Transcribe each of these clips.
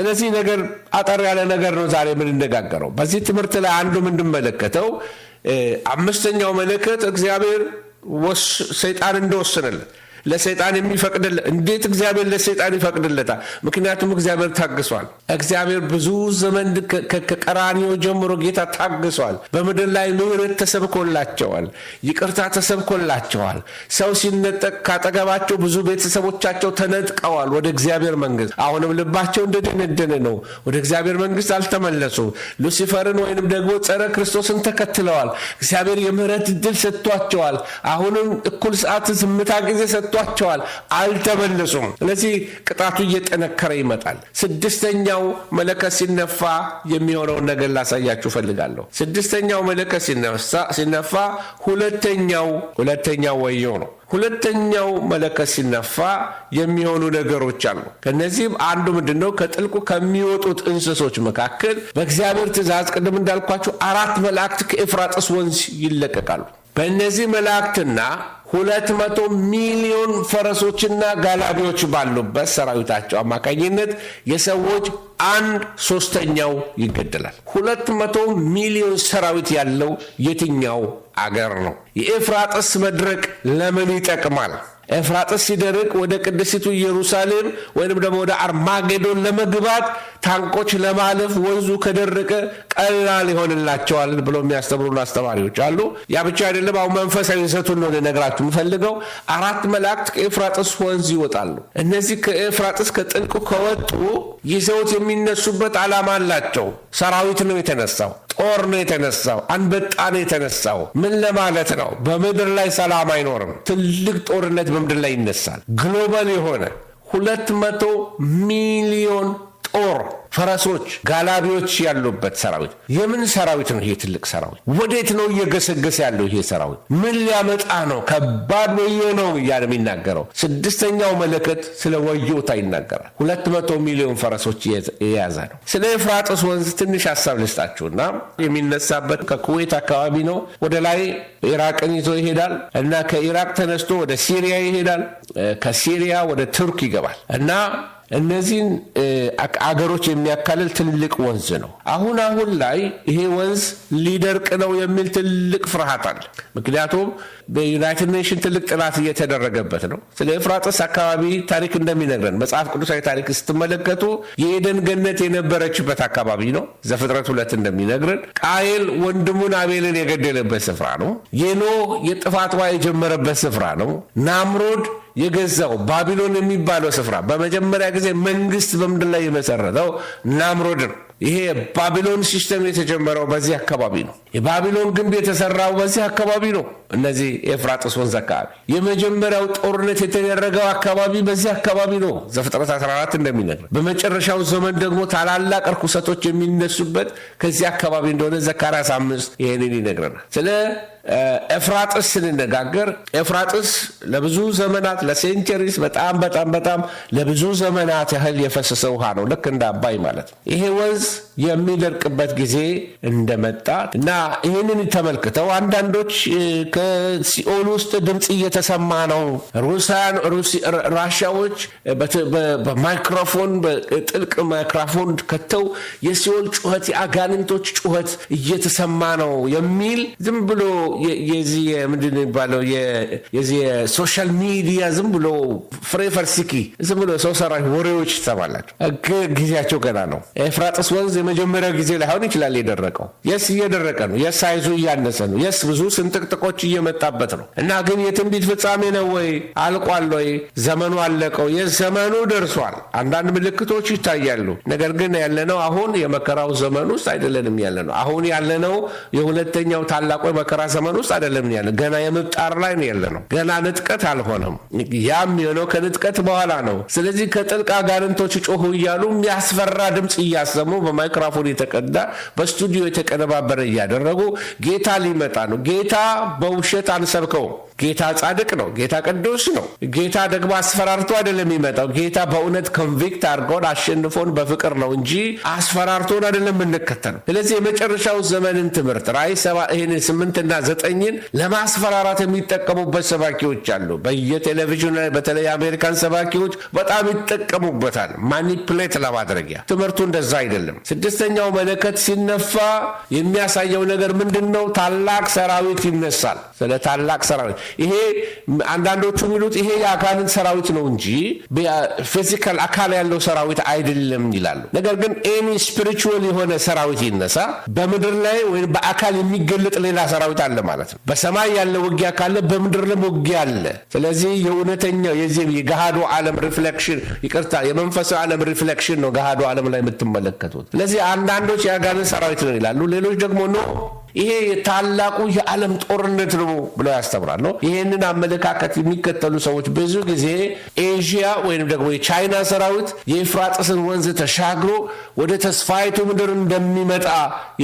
ስለዚህ ነገር አጠር ያለ ነገር ነው ዛሬ የምንነጋገረው። በዚህ ትምህርት ላይ አንዱ የምንመለከተው አምስተኛው መለከት እግዚአብሔር ሰይጣን እንደወሰነለት ለሰይጣን የሚፈቅድለ እንዴት እግዚአብሔር ለሰይጣን ይፈቅድለታል? ምክንያቱም እግዚአብሔር ታግሷል። እግዚአብሔር ብዙ ዘመን ከቀራኒዮ ጀምሮ ጌታ ታግሷል። በምድር ላይ ምሕረት ተሰብኮላቸዋል፣ ይቅርታ ተሰብኮላቸዋል። ሰው ሲነጠቅ ካጠገባቸው ብዙ ቤተሰቦቻቸው ተነጥቀዋል ወደ እግዚአብሔር መንግስት። አሁንም ልባቸው እንደደነደነ ነው፣ ወደ እግዚአብሔር መንግስት አልተመለሱ ሉሲፈርን ወይንም ደግሞ ጸረ ክርስቶስን ተከትለዋል። እግዚአብሔር የምሕረት እድል ሰጥቷቸዋል። አሁንም እኩል ሰዓት ዝምታ ጊዜ ሰጥ ተሰጥቷቸዋል፣ አልተመለሱም። ስለዚህ ቅጣቱ እየጠነከረ ይመጣል። ስድስተኛው መለከት ሲነፋ የሚሆነውን ነገር ላሳያችሁ ፈልጋለሁ። ስድስተኛው መለከት ሲነፋ ሁለተኛው ሁለተኛው ወየው ነው። ሁለተኛው መለከት ሲነፋ የሚሆኑ ነገሮች አሉ። ከነዚህም አንዱ ምንድነው? ከጥልቁ ከሚወጡት እንስሶች መካከል በእግዚአብሔር ትእዛዝ ቅድም እንዳልኳቸው አራት መላእክት ከኤፍራጥስ ወንዝ ይለቀቃሉ። በእነዚህ መላእክትና ሁለት መቶ ሚሊዮን ፈረሶችና ጋላቢዎች ባሉበት ሰራዊታቸው አማካኝነት የሰዎች አንድ ሶስተኛው ይገደላል። ሁለት መቶ ሚሊዮን ሰራዊት ያለው የትኛው አገር ነው? የኤፍራጥስ መድረቅ ለምን ይጠቅማል? ኤፍራጥስ ሲደርቅ ወደ ቅድስቲቱ ኢየሩሳሌም ወይንም ደግሞ ወደ አርማጌዶን ለመግባት ታንቆች ለማለፍ ወንዙ ከደረቀ ቀላል ይሆንላቸዋል ብሎ የሚያስተምሩን አስተማሪዎች አሉ። ያ ብቻ አይደለም። አሁን መንፈሳዊ ይዘቱን ነው ልነግራችሁ የምፈልገው። አራት መላእክት ከኤፍራጥስ ወንዝ ይወጣሉ። እነዚህ ከኤፍራጥስ ከጥልቁ ከወጡ ይዘውት የሚነሱበት ዓላማ አላቸው። ሰራዊት ነው የተነሳው። ጦር ነው የተነሳው፣ አንበጣ ነው የተነሳው። ምን ለማለት ነው? በምድር ላይ ሰላም አይኖርም። ትልቅ ጦርነት በምድር ላይ ይነሳል። ግሎባል የሆነ ሁለት መቶ ሚሊዮን ጦር፣ ፈረሶች፣ ጋላቢዎች ያሉበት ሰራዊት። የምን ሰራዊት ነው ይሄ ትልቅ ሰራዊት? ወዴት ነው እየገሰገሰ ያለው ይሄ ሰራዊት? ምን ሊያመጣ ነው? ከባድ ወዮ ነው እያለ የሚናገረው ስድስተኛው መለከት ስለ ወዮታ ይናገራል። ሁለት መቶ ሚሊዮን ፈረሶች የያዘ ነው። ስለ ኤፍራጥስ ወንዝ ትንሽ ሀሳብ ልስጣችሁና የሚነሳበት ከኩዌት አካባቢ ነው። ወደ ላይ ኢራቅን ይዞ ይሄዳል እና ከኢራቅ ተነስቶ ወደ ሲሪያ ይሄዳል። ከሲሪያ ወደ ቱርክ ይገባል እና እነዚህን አገሮች የሚያካልል ትልቅ ወንዝ ነው። አሁን አሁን ላይ ይሄ ወንዝ ሊደርቅ ነው የሚል ትልቅ ፍርሃት አለ። ምክንያቱም በዩናይትድ ኔሽን ትልቅ ጥናት እየተደረገበት ነው። ስለ ኤፍራጥስ አካባቢ ታሪክ እንደሚነግረን መጽሐፍ ቅዱሳዊ ታሪክ ስትመለከቱ የኤደን ገነት የነበረችበት አካባቢ ነው። ዘፍጥረት ሁለት እንደሚነግረን ቃየል ወንድሙን አቤልን የገደለበት ስፍራ ነው። የኖህ የጥፋት ውሃ የጀመረበት ስፍራ ነው። ናምሮድ የገዛው ባቢሎን የሚባለው ስፍራ በመጀመሪያ ጊዜ መንግስት በምድር ላይ የመሰረተው ናምሮድ ነው። ይሄ የባቢሎን ሲስተም የተጀመረው በዚህ አካባቢ ነው። የባቢሎን ግንብ የተሰራው በዚህ አካባቢ ነው። እነዚህ ኤፍራጥስ ወንዝ አካባቢ የመጀመሪያው ጦርነት የተደረገው አካባቢ በዚህ አካባቢ ነው። ዘፍጥረት 14 እንደሚነግር በመጨረሻው ዘመን ደግሞ ታላላቅ እርኩሰቶች የሚነሱበት ከዚህ አካባቢ እንደሆነ ዘካርያስ አምስት ይህንን ይነግረናል ስለ ኤፍራጥስ ስንነጋገር ኤፍራጥስ ለብዙ ዘመናት ለሴንቸሪስ በጣም በጣም በጣም ለብዙ ዘመናት ያህል የፈሰሰ ውሃ ነው። ልክ እንደ አባይ ማለት ነው። ይሄ ወንዝ የሚደርቅበት ጊዜ እንደመጣ እና ይህንን ተመልክተው አንዳንዶች ከሲኦል ውስጥ ድምፅ እየተሰማ ነው፣ ሩሲያን ራሻዎች በማይክሮፎን በጥልቅ ማይክሮፎን ከተው የሲኦል ጩኸት፣ የአጋንንቶች ጩኸት እየተሰማ ነው የሚል ዝም ብሎ የዚህ ምንድን የሚባለው የዚህ ሶሻል ሚዲያ ዝም ብሎ ፍሬ ፈርሲኪ ዝም ብሎ ሰው ሰራሽ ወሬዎች ይሰማላቸው። ጊዜያቸው ገና ነው። ኤፍራጥስ ወንዝ የመጀመሪያው ጊዜ ላይሆን ይችላል የደረቀው። የስ እየደረቀ ነው። የስ ሳይዙ እያነሰ ነው። የስ ብዙ ስንጥቅጥቆች እየመጣበት ነው እና ግን የትንቢት ፍጻሜ ነው ወይ አልቋል ወይ ዘመኑ አለቀው? የዘመኑ ደርሷል። አንዳንድ ምልክቶች ይታያሉ። ነገር ግን ያለነው አሁን የመከራው ዘመን ውስጥ አይደለንም። ያለነው አሁን ያለነው የሁለተኛው ታላቁ የመከራ ዘመን ውስጥ አይደለም ያለ፣ ገና የምጣር ላይ ነው ያለ ነው። ገና ንጥቀት አልሆነም። ያም የሆነው ከንጥቀት በኋላ ነው። ስለዚህ ከጥልቅ አጋንንቶች ጮሁ እያሉ የሚያስፈራ ድምፅ እያሰሙ በማይክሮፎን የተቀዳ በስቱዲዮ የተቀነባበረ እያደረጉ ጌታ ሊመጣ ነው። ጌታ በውሸት አንሰብከውም። ጌታ ጻድቅ ነው። ጌታ ቅዱስ ነው። ጌታ ደግሞ አስፈራርቶ አይደለም የሚመጣው። ጌታ በእውነት ኮንቪክት አድርገውን አሸንፎን በፍቅር ነው እንጂ አስፈራርቶን አይደለም የምንከተለው። ስለዚህ የመጨረሻው ዘመንን ትምህርት ራእይ ሰባ ይህን ስምንትና ዘጠኝን ለማስፈራራት የሚጠቀሙበት ሰባኪዎች አሉ። በየቴሌቪዥኑ ላይ በተለይ አሜሪካን ሰባኪዎች በጣም ይጠቀሙበታል፣ ማኒፕሌት ለማድረጊያ። ትምህርቱ እንደዛ አይደለም። ስድስተኛው መለከት ሲነፋ የሚያሳየው ነገር ምንድን ነው? ታላቅ ሰራዊት ይነሳል። ስለ ታላቅ ሰራዊት ይሄ አንዳንዶቹ የሚሉት ይሄ የአካልን ሰራዊት ነው እንጂ ፊዚካል አካል ያለው ሰራዊት አይደለም ይላሉ። ነገር ግን ኤኒ ስፒሪቹዋል የሆነ ሰራዊት ይነሳ፣ በምድር ላይ ወይም በአካል የሚገለጥ ሌላ ሰራዊት አለ ማለት ነው። በሰማይ ያለ ውጊያ ካለ በምድር ለም ውጊያ አለ። ስለዚህ የእውነተኛው የዚህ የገሃዱ ዓለም ሪፍሌክሽን ይቅርታ፣ የመንፈሳዊ ዓለም ሪፍሌክሽን ነው ገሃዱ ዓለም ላይ የምትመለከቱት። ስለዚህ አንዳንዶች የአጋንንት ሰራዊት ነው ይላሉ፣ ሌሎች ደግሞ ኖ ይሄ ታላቁ የዓለም ጦርነት ነው ብለው ያስተምራሉ። ይሄንን አመለካከት የሚከተሉ ሰዎች ብዙ ጊዜ ኤዥያ ወይም ደግሞ የቻይና ሰራዊት የኤፍራጥስን ወንዝ ተሻግሮ ወደ ተስፋይቱ ምድር እንደሚመጣ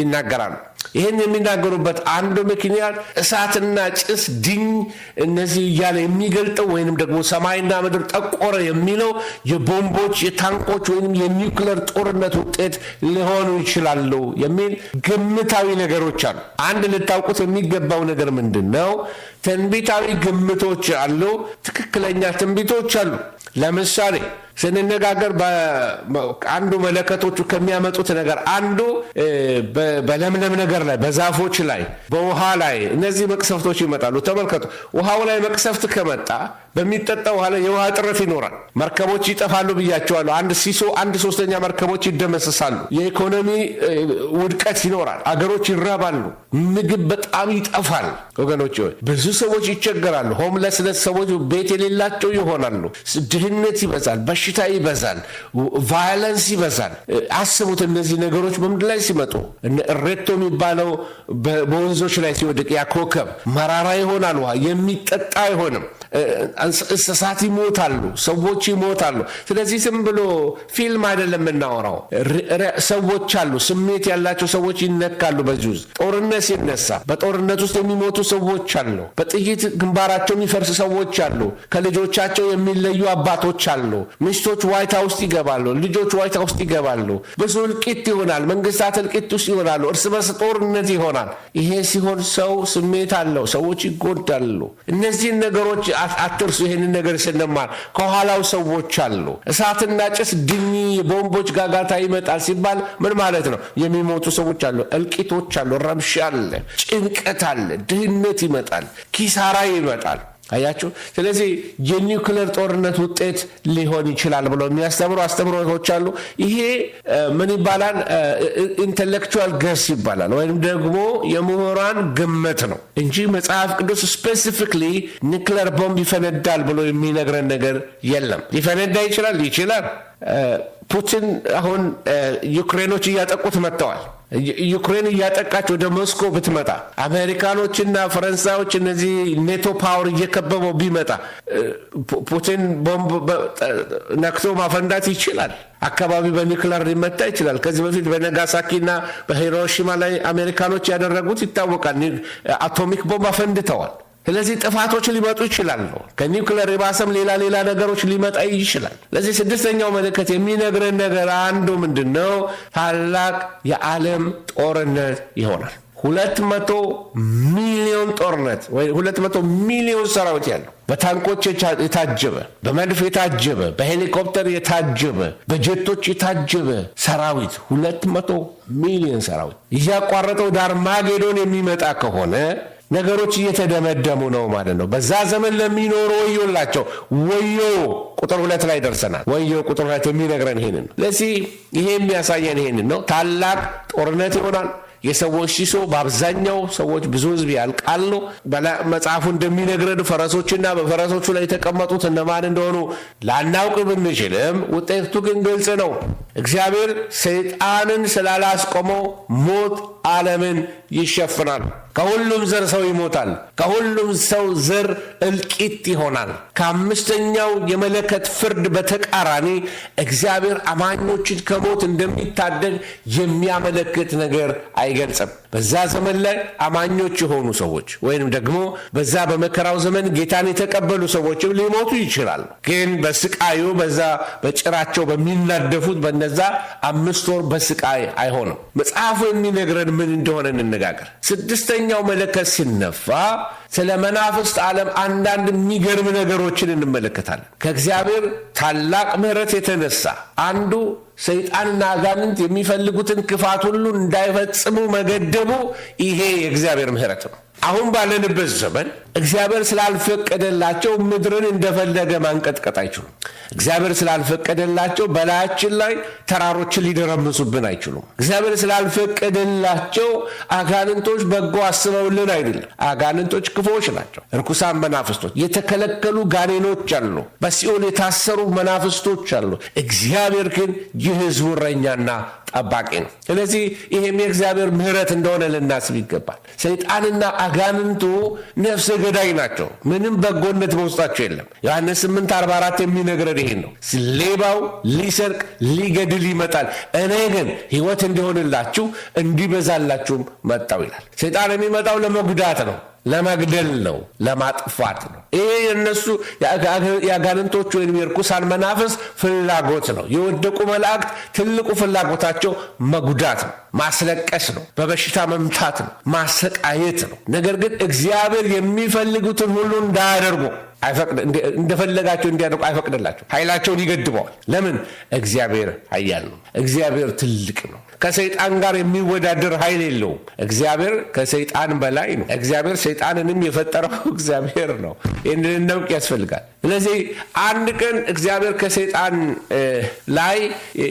ይናገራሉ። ይህን የሚናገሩበት አንዱ ምክንያት እሳትና ጭስ ድኝ እነዚህ እያለ የሚገልጠው ወይንም ደግሞ ሰማይና ምድር ጠቆረ የሚለው የቦምቦች የታንኮች ወይም የኒውክለር ጦርነት ውጤት ሊሆኑ ይችላሉ የሚል ግምታዊ ነገሮች አሉ። አንድ ልታውቁት የሚገባው ነገር ምንድን ነው? ትንቢታዊ ግምቶች አሉ፣ ትክክለኛ ትንቢቶች አሉ። ለምሳሌ ስንነጋገር አንዱ መለከቶቹ ከሚያመጡት ነገር አንዱ በለምለም ነገር ላይ በዛፎች ላይ በውሃ ላይ እነዚህ መቅሰፍቶች ይመጣሉ። ተመልከቱ፣ ውሃው ላይ መቅሰፍት ከመጣ በሚጠጣ ውሃ ላይ የውሃ ጥረት ይኖራል። መርከቦች ይጠፋሉ ብያቸዋለሁ። አንድ ሲሶ አንድ ሶስተኛ መርከቦች ይደመሰሳሉ። የኢኮኖሚ ውድቀት ይኖራል። አገሮች ይራባሉ። ምግብ በጣም ይጠፋል። ወገኖች ሆይ ብዙ ሰዎች ይቸገራሉ። ሆምለስነት ሰዎች ቤት የሌላቸው ይሆናሉ። ድህነት ይበዛል። በሽታ ይበዛል፣ ቫዮለንስ ይበዛል። አስቡት እነዚህ ነገሮች በምድር ላይ ሲመጡ እሬቶ የሚባለው በወንዞች ላይ ሲወድቅ ያ ኮከብ መራራ ይሆናል፣ ውሃ የሚጠጣ አይሆንም። እንስሳት ይሞታሉ፣ ሰዎች ይሞታሉ። ስለዚህ ዝም ብሎ ፊልም አይደለም የምናወራው። ሰዎች አሉ፣ ስሜት ያላቸው ሰዎች ይነካሉ። በዚህ ውስጥ ጦርነት ሲነሳ በጦርነት ውስጥ የሚሞቱ ሰዎች አሉ። በጥይት ግንባራቸው የሚፈርስ ሰዎች አሉ። ከልጆቻቸው የሚለዩ አባቶች አሉ። ሚስቶች ዋይታ ውስጥ ይገባሉ፣ ልጆች ዋይታ ውስጥ ይገባሉ። ብዙ እልቂት ይሆናል፣ መንግስታት እልቂት ውስጥ ይሆናሉ፣ እርስ በርስ ጦርነት ይሆናል። ይሄ ሲሆን ሰው ስሜት አለው፣ ሰዎች ይጎዳሉ። እነዚህን ነገሮች አትርሱ። ይህንን ነገር ስንማር ከኋላው ሰዎች አሉ። እሳትና ጭስ፣ ድኝ፣ ቦምቦች ጋጋታ ይመጣል ሲባል ምን ማለት ነው? የሚሞቱ ሰዎች አሉ፣ እልቂቶች አሉ፣ ረብሻ አለ፣ ጭንቀት አለ፣ ድህነት ይመጣል፣ ኪሳራ ይመጣል። አያችሁ። ስለዚህ የኒውክሌር ጦርነት ውጤት ሊሆን ይችላል ብሎ የሚያስተምሩ አስተምሮቶች አሉ። ይሄ ምን ይባላል? ኢንቴሌክቹዋል ገስ ይባላል፣ ወይም ደግሞ የምሁራን ግምት ነው እንጂ መጽሐፍ ቅዱስ ስፔሲፊክሊ ኒውክሌር ቦምብ ይፈነዳል ብሎ የሚነግረን ነገር የለም። ሊፈነዳ ይችላል ይችላል ፑቲን አሁን ዩክሬኖች እያጠቁት መጥተዋል። ዩክሬን እያጠቃች ወደ ሞስኮ ብትመጣ አሜሪካኖችና ፈረንሳዮች እነዚህ ኔቶ ፓወር እየከበበው ቢመጣ ፑቲን ቦምብ ነክቶ ማፈንዳት ይችላል። አካባቢ በኒክለር ሊመታ ይችላል። ከዚህ በፊት በነጋሳኪና በሂሮሺማ ላይ አሜሪካኖች ያደረጉት ይታወቃል። አቶሚክ ቦምብ አፈንድተዋል። ስለዚህ ጥፋቶች ሊመጡ ይችላሉ። ከኒውክለር የባሰም ሌላ ሌላ ነገሮች ሊመጣ ይችላል። ስለዚህ ስድስተኛው ምልክት የሚነግረን ነገር አንዱ ምንድን ነው? ታላቅ የዓለም ጦርነት ይሆናል። ሁለት መቶ ሚሊዮን ጦርነት ወይ ሁለት መቶ ሚሊዮን ሰራዊት ያለው በታንኮች የታጀበ በመድፍ የታጀበ በሄሊኮፕተር የታጀበ በጀቶች የታጀበ ሰራዊት ሁለት መቶ ሚሊዮን ሰራዊት እያቋረጠው ዳርማጌዶን የሚመጣ ከሆነ ነገሮች እየተደመደሙ ነው ማለት ነው። በዛ ዘመን ለሚኖሩ ወዮላቸው፣ ወዮ ቁጥር ሁለት ላይ ደርሰናል። ወዮ ቁጥር ሁለት የሚነግረን ይሄንን። ለዚህ ይሄ የሚያሳየን ይሄንን ነው። ታላቅ ጦርነት ይሆናል። የሰዎች ሲሶ በአብዛኛው ሰዎች ብዙ ህዝብ ያልቃሉ። መጽሐፉ እንደሚነግረን ፈረሶችና በፈረሶቹ ላይ የተቀመጡት እነማን እንደሆኑ ላናውቅ ብንችልም ውጤቱ ግን ግልጽ ነው። እግዚአብሔር ሰይጣንን ስላላስቆመው ሞት ዓለምን ይሸፍናል። ከሁሉም ዘር ሰው ይሞታል። ከሁሉም ሰው ዘር እልቂት ይሆናል። ከአምስተኛው የመለከት ፍርድ በተቃራኒ እግዚአብሔር አማኞችን ከሞት እንደሚታደግ የሚያመለክት ነገር አይገልጽም። በዛ ዘመን ላይ አማኞች የሆኑ ሰዎች ወይንም ደግሞ በዛ በመከራው ዘመን ጌታን የተቀበሉ ሰዎችም ሊሞቱ ይችላል። ግን በስቃዩ በዛ በጭራቸው በሚናደፉት በነዛ አምስት ወር በስቃይ አይሆንም። መጽሐፉ የሚነግረን ምን እንደሆነ እንነጋገር። ስድስተኛው መለከት ሲነፋ ስለ መናፍስት ዓለም አንዳንድ የሚገርም ነገሮችን እንመለከታለን። ከእግዚአብሔር ታላቅ ምሕረት የተነሳ አንዱ ሰይጣንና አጋንንት የሚፈልጉትን ክፋት ሁሉ እንዳይፈጽሙ መገደቡ፣ ይሄ የእግዚአብሔር ምሕረት ነው። አሁን ባለንበት ዘመን እግዚአብሔር ስላልፈቀደላቸው ምድርን እንደፈለገ ማንቀጥቀጥ አይችሉም። እግዚአብሔር ስላልፈቀደላቸው በላያችን ላይ ተራሮችን ሊደረምሱብን አይችሉም። እግዚአብሔር ስላልፈቀደላቸው አጋንንቶች በጎ አስበውልን አይደለም። አጋንንቶች ክፎች ናቸው፣ እርኩሳን መናፍስቶች፣ የተከለከሉ ጋኔኖች አሉ፣ በሲኦል የታሰሩ መናፍስቶች አሉ። እግዚአብሔር ግን የህዝቡ እረኛና ጠባቂ ነው። ስለዚህ ይህም የእግዚአብሔር ምሕረት እንደሆነ ልናስብ ይገባል። ሰይጣንና አጋንንቱ ነፍስ ገዳይ ናቸው። ምንም በጎነት በውስጣቸው የለም። ዮሐንስ 8፥44 የሚነግረን ይሄን ነው። ሌባው ሊሰርቅ ሊገድል ይመጣል፣ እኔ ግን ሕይወት እንዲሆንላችሁ እንዲበዛላችሁም መጣው ይላል። ሰይጣን የሚመጣው ለመጉዳት ነው። ለመግደል ነው፣ ለማጥፋት ነው። ይሄ የነሱ የአጋንንቶች ወይም የርኩሳን መናፍስ ፍላጎት ነው። የወደቁ መላእክት ትልቁ ፍላጎታቸው መጉዳት ነው፣ ማስለቀስ ነው፣ በበሽታ መምታት ነው፣ ማሰቃየት ነው። ነገር ግን እግዚአብሔር የሚፈልጉትን ሁሉ እንዳያደርጉ እንደፈለጋቸው እንዲያደርጉ አይፈቅድላቸው፣ ኃይላቸውን ይገድበዋል። ለምን? እግዚአብሔር ኃያል ነው። እግዚአብሔር ትልቅ ነው። ከሰይጣን ጋር የሚወዳደር ኃይል የለውም። እግዚአብሔር ከሰይጣን በላይ ነው። እግዚአብሔር ሰይጣንንም የፈጠረው እግዚአብሔር ነው። ይህንን ያስፈልጋል። ስለዚህ አንድ ቀን እግዚአብሔር ከሰይጣን ላይ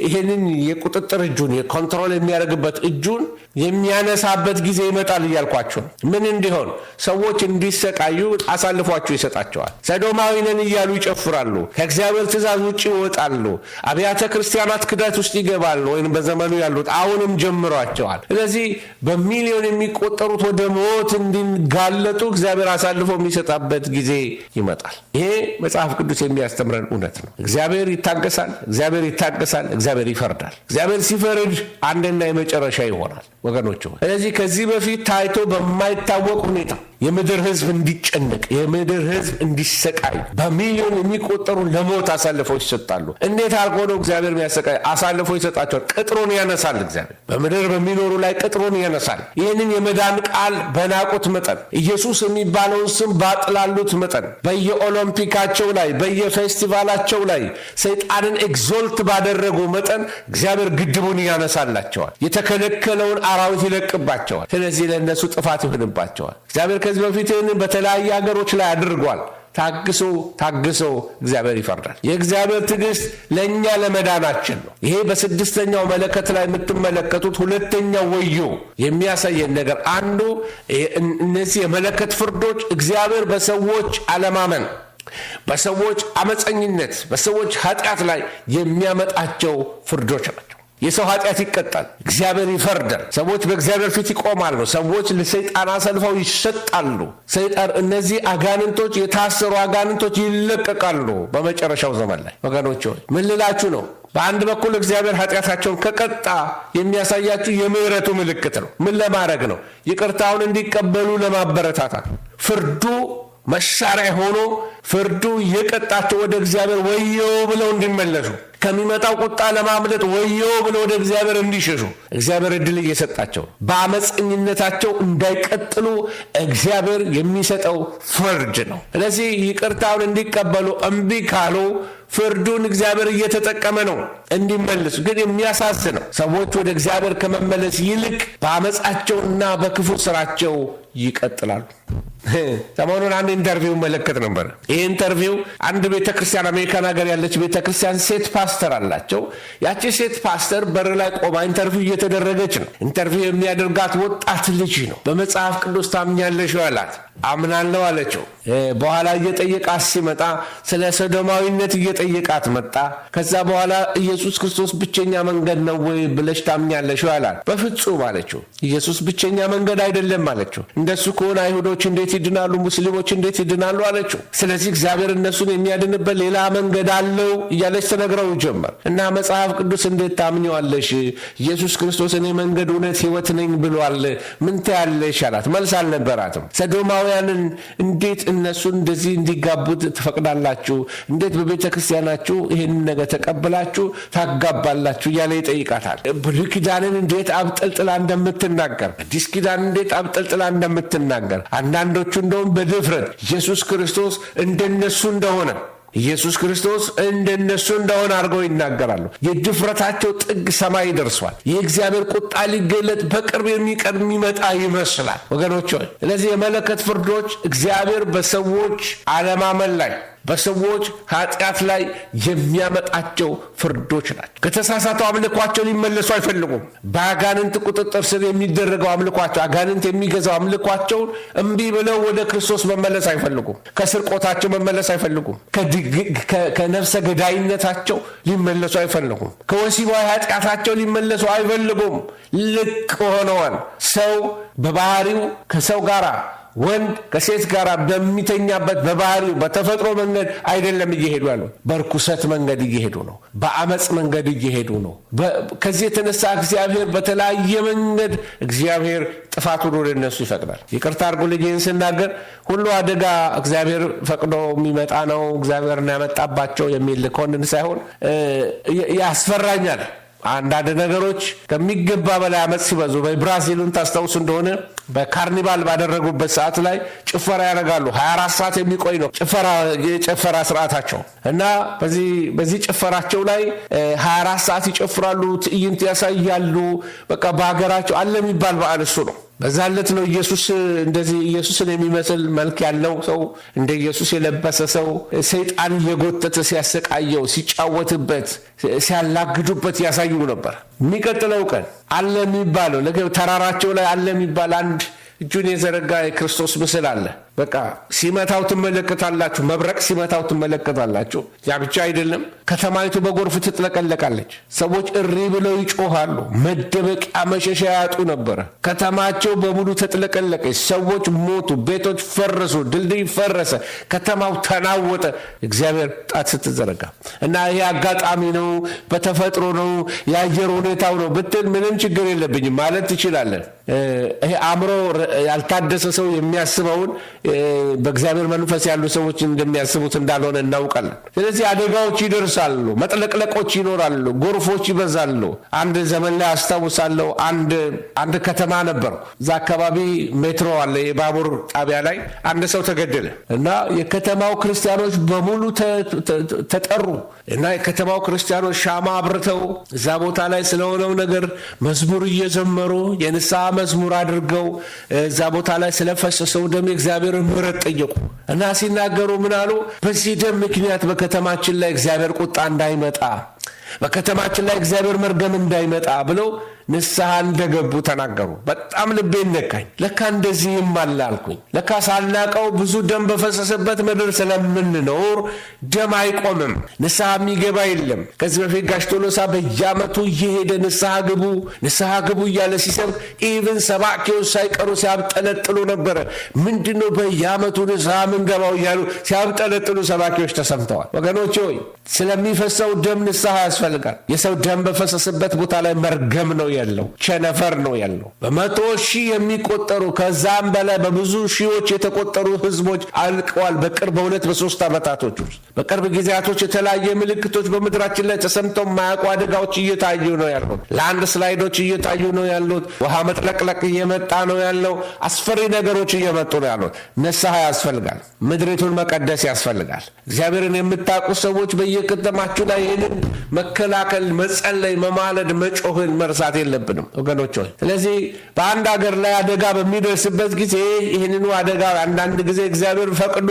ይህንን የቁጥጥር እጁን የኮንትሮል የሚያደርግበት እጁን የሚያነሳበት ጊዜ ይመጣል እያልኳቸው ምን እንዲሆን ሰዎች እንዲሰቃዩ አሳልፏቸው ይሰጣቸዋል። ሰዶማዊ ነን እያሉ ይጨፍራሉ። ከእግዚአብሔር ትእዛዝ ውጭ ይወጣሉ። አብያተ ክርስቲያናት ክደት ውስጥ ይገባሉ። ወይም በዘመኑ ያሉት አሁንም ጀምሯቸዋል። ስለዚህ በሚሊዮን የሚቆጠሩት ወደ ሞት እንዲጋለጡ እግዚአብሔር አሳልፎ የሚሰጣበት ጊዜ ይመጣል። ይሄ መጽሐፍ ቅዱስ የሚያስተምረን እውነት ነው። እግዚአብሔር ይታገሳል። እግዚአብሔር ይታገሳል። እግዚአብሔር ይፈርዳል። እግዚአብሔር ሲፈርድ አንድና የመጨረሻ ይሆናል። ወገኖች። ስለዚህ ከዚህ በፊት ታይቶ በማይታወቅ ሁኔታ የምድር ህዝብ እንዲጨነቅ የምድር ህዝብ እንዲሰቃይ በሚሊዮን የሚቆጠሩ ለሞት አሳልፈው ይሰጣሉ። እንዴት አድርጎ ነው እግዚአብሔር የሚያሰቃይ? አሳልፎ ይሰጣቸዋል። ቅጥሩን ያነሳል። እግዚአብሔር በምድር በሚኖሩ ላይ ቅጥሩን ያነሳል። ይህንን የመዳን ቃል በናቁት መጠን ኢየሱስ የሚባለውን ስም ባጥላሉት መጠን በየኦሎምፒካቸው ላይ በየፌስቲቫላቸው ላይ ሰይጣንን ኤግዞልት ባደረጉ መጠን እግዚአብሔር ግድቡን ያነሳላቸዋል። የተከለከለውን አራዊት ይለቅባቸዋል። ስለዚህ ለእነሱ ጥፋት ይሆንባቸዋል። እግዚአብሔር ከዚህ በፊት ይህንን በተለያየ ሀገሮች ላይ አድርጓል። ታግሶ ታግሶ እግዚአብሔር ይፈርዳል። የእግዚአብሔር ትዕግስት ለእኛ ለመዳናችን ነው። ይሄ በስድስተኛው መለከት ላይ የምትመለከቱት ሁለተኛው ወዮ የሚያሳየን ነገር አንዱ እነዚህ የመለከት ፍርዶች እግዚአብሔር በሰዎች አለማመን፣ በሰዎች አመፀኝነት፣ በሰዎች ኃጢአት ላይ የሚያመጣቸው ፍርዶች ናቸው። የሰው ኃጢአት ይቀጣል፣ እግዚአብሔር ይፈርዳል። ሰዎች በእግዚአብሔር ፊት ይቆማሉ። ሰዎች ለሰይጣን አሰልፈው ይሰጣሉ። ሰይጣን እነዚህ አጋንንቶች የታሰሩ አጋንንቶች ይለቀቃሉ በመጨረሻው ዘመን ላይ። ወገኖች ሆይ ምን ልላችሁ ነው? በአንድ በኩል እግዚአብሔር ኃጢአታቸውን ከቀጣ የሚያሳያችሁ የምረቱ ምልክት ነው። ምን ለማድረግ ነው? ይቅርታውን እንዲቀበሉ ለማበረታታት ፍርዱ መሳሪያ ሆኖ ፍርዱ የቀጣቸው ወደ እግዚአብሔር ወየው ብለው እንዲመለሱ ከሚመጣው ቁጣ ለማምለጥ ወዮ ብለው ወደ እግዚአብሔር እንዲሸሹ እግዚአብሔር እድል እየሰጣቸው ነው። በአመፀኝነታቸው እንዳይቀጥሉ እግዚአብሔር የሚሰጠው ፍርድ ነው። ስለዚህ ይቅርታውን እንዲቀበሉ እምቢ ካሉ ፍርዱን እግዚአብሔር እየተጠቀመ ነው እንዲመልሱ። ግን የሚያሳዝነው ሰዎች ወደ እግዚአብሔር ከመመለስ ይልቅ በአመፃቸውና በክፉ ስራቸው ይቀጥላሉ። ሰሞኑን አንድ ኢንተርቪው መለከት ነበር። ይህ ኢንተርቪው አንድ ቤተክርስቲያን፣ አሜሪካን ሀገር ያለች ቤተክርስቲያን ሴት ፓስ ፓስተር አላቸው። ያቺ ሴት ፓስተር በር ላይ ቆማ ኢንተርቪው እየተደረገች ነው። ኢንተርቪው የሚያደርጋት ወጣት ልጅ ነው። በመጽሐፍ ቅዱስ ታምኛለሽ አላት። አምናለው አለችው። በኋላ እየጠየቃት ሲመጣ ስለ ሰዶማዊነት እየጠየቃት መጣ። ከዛ በኋላ ኢየሱስ ክርስቶስ ብቸኛ መንገድ ነው ወይ ብለሽ ታምኛለሽ አላት። በፍጹም አለችው። ኢየሱስ ብቸኛ መንገድ አይደለም አለችው። እንደሱ ከሆነ አይሁዶች እንዴት ይድናሉ? ሙስሊሞች እንዴት ይድናሉ? አለችው። ስለዚህ እግዚአብሔር እነሱን የሚያድንበት ሌላ መንገድ አለው እያለች ተነግረው ጀመር እና መጽሐፍ ቅዱስ እንዴት ታምኘዋለሽ? ኢየሱስ ክርስቶስ እኔ መንገድ፣ እውነት፣ ህይወት ነኝ ብሏል። ምን አላት። መልስ አልነበራትም። ሰዶማውያንን እንዴት እነሱን እንደዚህ እንዲጋቡት ትፈቅዳላችሁ? እንዴት በቤተ ክርስቲያናችሁ ይህን ነገር ተቀብላችሁ ታጋባላችሁ? እያለ ይጠይቃታል። ብሉይ ኪዳንን እንዴት አብጠልጥላ እንደምትናገር፣ አዲስ ኪዳን እንዴት አብጠልጥላ እንደምትናገር፣ አንዳንዶቹ እንደውም በድፍረት ኢየሱስ ክርስቶስ እንደነሱ እንደሆነ ኢየሱስ ክርስቶስ እንደነሱ እንደሆነ አድርገው ይናገራሉ። የድፍረታቸው ጥግ ሰማይ ደርሷል። የእግዚአብሔር ቁጣ ሊገለጥ በቅርብ የሚቀር የሚመጣ ይመስላል ወገኖች። ስለዚህ የመለከት ፍርዶች እግዚአብሔር በሰዎች አለማመን ላይ በሰዎች ኃጢአት ላይ የሚያመጣቸው ፍርዶች ናቸው። ከተሳሳተው አምልኳቸው ሊመለሱ አይፈልጉም። በአጋንንት ቁጥጥር ስር የሚደረገው አምልኳቸው፣ አጋንንት የሚገዛው አምልኳቸውን እምቢ ብለው ወደ ክርስቶስ መመለስ አይፈልጉም። ከስርቆታቸው መመለስ አይፈልጉም። ከነፍሰ ገዳይነታቸው ሊመለሱ አይፈልጉም። ከወሲባዊ ኃጢአታቸው ሊመለሱ አይፈልጉም። ልቅ ሆነዋል። ሰው በባህሪው ከሰው ጋር ወንድ ከሴት ጋር በሚተኛበት በባህሪው በተፈጥሮ መንገድ አይደለም እየሄዱ ያለው፣ በርኩሰት መንገድ እየሄዱ ነው። በአመፅ መንገድ እየሄዱ ነው። ከዚህ የተነሳ እግዚአብሔር በተለያየ መንገድ እግዚአብሔር ጥፋቱን ወደ እነሱ ይፈቅዳል። ይቅርታ አርጉ ልጅን ስናገር፣ ሁሉ አደጋ እግዚአብሔር ፈቅዶ የሚመጣ ነው። እግዚአብሔርን ያመጣባቸው የሚል ኮንን ሳይሆን ያስፈራኛል አንዳንድ ነገሮች ከሚገባ በላይ አመት ሲበዙ በብራዚልን ታስታውስ እንደሆነ በካርኒቫል ባደረጉበት ሰዓት ላይ ጭፈራ ያደርጋሉ። 24 ሰዓት የሚቆይ ነው ጭፈራ ስርዓታቸው እና በዚህ ጭፈራቸው ላይ 24 ሰዓት ይጨፍራሉ፣ ትዕይንት ያሳያሉ። በቃ በሀገራቸው አለ የሚባል በዓል እሱ ነው። በዛለት ነው ኢየሱስ እንደዚህ ኢየሱስን የሚመስል መልክ ያለው ሰው እንደ ኢየሱስ የለበሰ ሰው ሰይጣን እየጎተተ ሲያሰቃየው፣ ሲጫወትበት፣ ሲያላግዱበት ያሳዩ ነበር። የሚቀጥለው ቀን አለ የሚባለው ተራራቸው ላይ አለ የሚባል አንድ እጁን የዘረጋ የክርስቶስ ምስል አለ። በቃ ሲመታው ትመለከታላችሁ። መብረቅ ሲመታው ትመለከታላችሁ። ያ ብቻ አይደለም፣ ከተማይቱ በጎርፍ ትጥለቀለቃለች። ሰዎች እሪ ብለው ይጮሃሉ። መደበቂያ መሸሻ ያጡ ነበረ። ከተማቸው በሙሉ ተጥለቀለቀች። ሰዎች ሞቱ፣ ቤቶች ፈረሱ፣ ድልድይ ፈረሰ፣ ከተማው ተናወጠ። እግዚአብሔር ጣት ስትዘረጋ እና ይሄ አጋጣሚ ነው፣ በተፈጥሮ ነው፣ የአየር ሁኔታው ነው ብትል ምንም ችግር የለብኝም ማለት ትችላለን። ይሄ አእምሮ ያልታደሰ ሰው የሚያስበውን በእግዚአብሔር መንፈስ ያሉ ሰዎች እንደሚያስቡት እንዳልሆነ እናውቃለን። ስለዚህ አደጋዎች ይደርሳሉ፣ መጥለቅለቆች ይኖራሉ፣ ጎርፎች ይበዛሉ። አንድ ዘመን ላይ አስታውሳለሁ፣ አንድ አንድ ከተማ ነበር። እዛ አካባቢ ሜትሮ አለ፣ የባቡር ጣቢያ ላይ አንድ ሰው ተገደለ እና የከተማው ክርስቲያኖች በሙሉ ተጠሩ እና የከተማው ክርስቲያኖች ሻማ አብርተው እዛ ቦታ ላይ ስለሆነው ነገር መዝሙር እየዘመሩ የንስሐ መዝሙር አድርገው እዛ ቦታ ላይ ስለፈሰሰው ደም እግዚአብሔር እግዚአብሔር ምሕረት ጠየቁ እና ሲናገሩ ምን አሉ? በዚህ ደም ምክንያት በከተማችን ላይ እግዚአብሔር ቁጣ እንዳይመጣ በከተማችን ላይ እግዚአብሔር መርገም እንዳይመጣ ብለው ንስሐ እንደገቡ ተናገሩ። በጣም ልቤን ነካኝ። ለካ እንደዚህም አለ ለካ ሳናቀው ብዙ ደም በፈሰሰበት ምድር ስለምንኖር ደም አይቆምም፣ ንስሐ የሚገባ የለም። ከዚህ በፊት ጋሽ ቶሎሳ በየዓመቱ እየሄደ ንስሐ ግቡ፣ ንስሐ ግቡ እያለ ሲሰብክ ኢቭን ሰባኪዎች ሳይቀሩ ሲያብጠለጥሉ ነበረ። ምንድነው በየዓመቱ ንስሐ ምንገባው እያሉ ሲያብጠለጥሉ ሰባኪዎች ተሰምተዋል። ወገኖች ሆይ ስለሚፈሰው ደም ንስሐ ያስፈ ያስፈልጋል። የሰው ደም በፈሰሰበት ቦታ ላይ መርገም ነው ያለው፣ ቸነፈር ነው ያለው። በመቶ ሺህ የሚቆጠሩ ከዛም በላይ በብዙ ሺዎች የተቆጠሩ ህዝቦች አልቀዋል። በቅርብ በሁለት በሶስት ዓመታቶች ውስጥ በቅርብ ጊዜያቶች የተለያየ ምልክቶች በምድራችን ላይ ተሰምተው የማያውቁ አደጋዎች እየታዩ ነው ያሉት። ለአንድ ስላይዶች እየታዩ ነው ያሉት። ውሃ መጥለቅለቅ እየመጣ ነው ያለው። አስፈሪ ነገሮች እየመጡ ነው ያሉት። ንስሐ ያስፈልጋል። ምድሪቱን መቀደስ ያስፈልጋል። እግዚአብሔርን የምታውቁ ሰዎች በየከተማችሁ ላይ ይህንን መከላከል፣ መጸለይ፣ መማለድ፣ መጮህን መርሳት የለብንም ወገኖች ሆይ። ስለዚህ በአንድ ሀገር ላይ አደጋ በሚደርስበት ጊዜ ይህንኑ አደጋ አንዳንድ ጊዜ እግዚአብሔር ፈቅዶ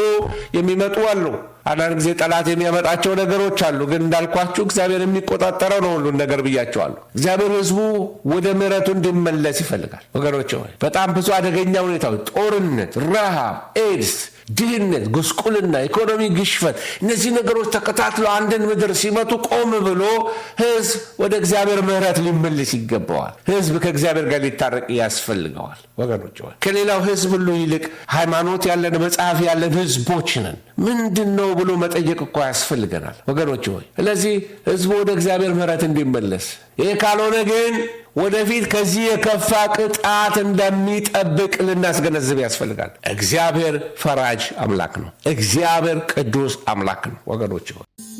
የሚመጡ አሉ። አንዳንድ ጊዜ ጠላት የሚያመጣቸው ነገሮች አሉ። ግን እንዳልኳችሁ እግዚአብሔር የሚቆጣጠረው ነው ሁሉን ነገር ብያቸዋሉ። እግዚአብሔር ሕዝቡ ወደ ምሕረቱ እንዲመለስ ይፈልጋል ወገኖች ሆይ። በጣም ብዙ አደገኛ ሁኔታዎች፣ ጦርነት፣ ረሃብ፣ ኤድስ ድህነት፣ ጉስቁልና፣ ኢኮኖሚ ግሽፈት፣ እነዚህ ነገሮች ተከታትሎ አንድን ምድር ሲመቱ ቆም ብሎ ህዝብ ወደ እግዚአብሔር ምሕረት ሊመልስ ይገባዋል። ህዝብ ከእግዚአብሔር ጋር ሊታረቅ ያስፈልገዋል። ወገኖች ከሌላው ህዝብ ሁሉ ይልቅ ሃይማኖት ያለን መጽሐፍ ያለን ህዝቦች ነን። ምንድን ነው ብሎ መጠየቅ እኮ ያስፈልገናል ወገኖች ሆይ። ስለዚህ ህዝቡ ወደ እግዚአብሔር ምሕረት እንዲመለስ ይህ ካልሆነ ግን ወደፊት ከዚህ የከፋ ቅጣት እንደሚጠብቅ ልናስገነዝብ ያስፈልጋል። እግዚአብሔር ፈራጅ አምላክ ነው። እግዚአብሔር ቅዱስ አምላክ ነው። ወገኖች ይሆን